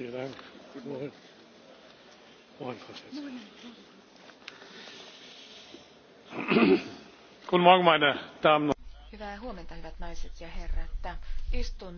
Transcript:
hyvää huomenta hyvät naiset ja herrat Guten Morgen, meine Damen und Herren. Hyvää huomenta, hyvät naiset ja herrat. Istun